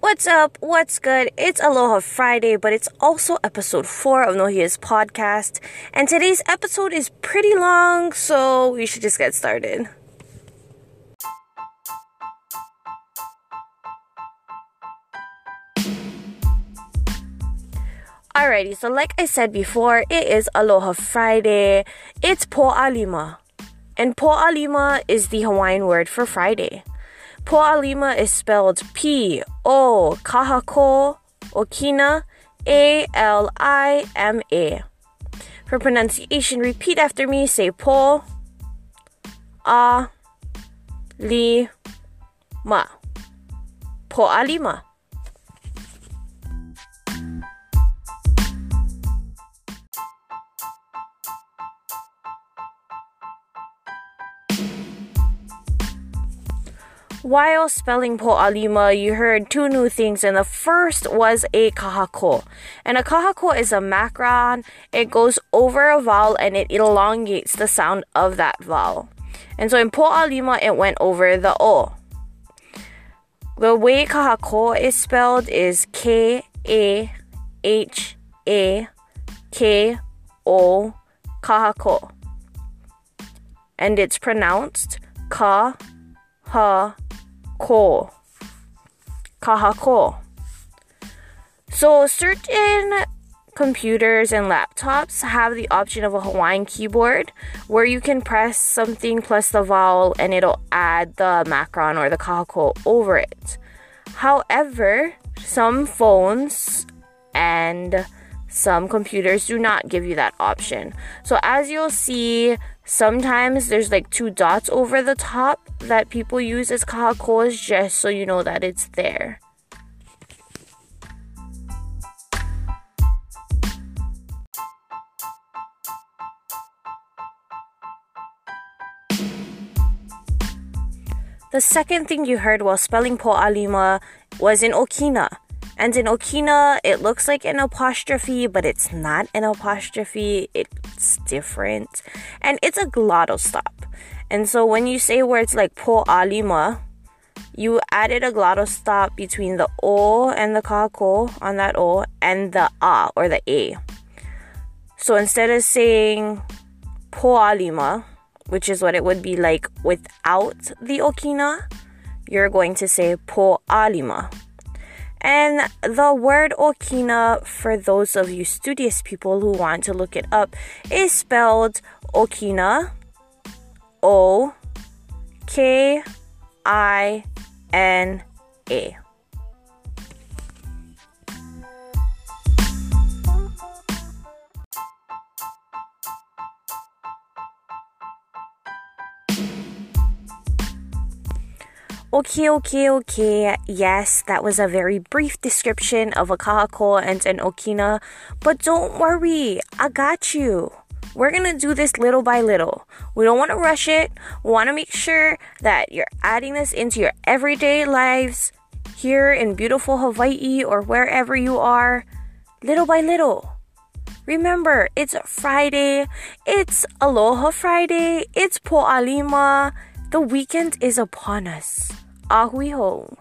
What's up? What's good? It's Aloha Friday, but it's also episode 4 of Nohia's podcast. And today's episode is pretty long, so we should just get started. Alrighty, so like I said before, it is Aloha Friday. It's Po'alima. And Po'alima is the Hawaiian word for Friday. Po'alima is spelled P o kahako okina a l i m a. For pronunciation, repeat after me. Say po a li ma. Po alima. While spelling po'alima, you heard two new things, and the first was a kahako. And a kahako is a macron, it goes over a vowel and it elongates the sound of that vowel. And so in po'alima, it went over the o. The way kahako is spelled is K A H A K O kahako. And it's pronounced ka ha ko. Kahako. So, certain computers and laptops have the option of a Hawaiian keyboard where you can press something plus the vowel and it'll add the macron or the kahako over it. However, some phones and some computers do not give you that option. So, as you'll see, sometimes there's like two dots over the top that people use as kahakoas just so you know that it's there. The second thing you heard while spelling Po'alima was in Okina. And in Okina, it looks like an apostrophe, but it's not an apostrophe. It's different. And it's a glottal stop. And so when you say words like po alima, you added a glottal stop between the o and the kako on that o and the a or the a. So instead of saying po alima, which is what it would be like without the okina, you're going to say po alima. And the word Okina, for those of you studious people who want to look it up, is spelled Okina O K I N A. Okay, okay, okay. Yes, that was a very brief description of a kahako and an okina, but don't worry, I got you. We're gonna do this little by little. We don't wanna rush it. We wanna make sure that you're adding this into your everyday lives here in beautiful Hawaii or wherever you are, little by little. Remember, it's Friday, it's Aloha Friday, it's Po'alima. The weekend is upon us. Ahui ho!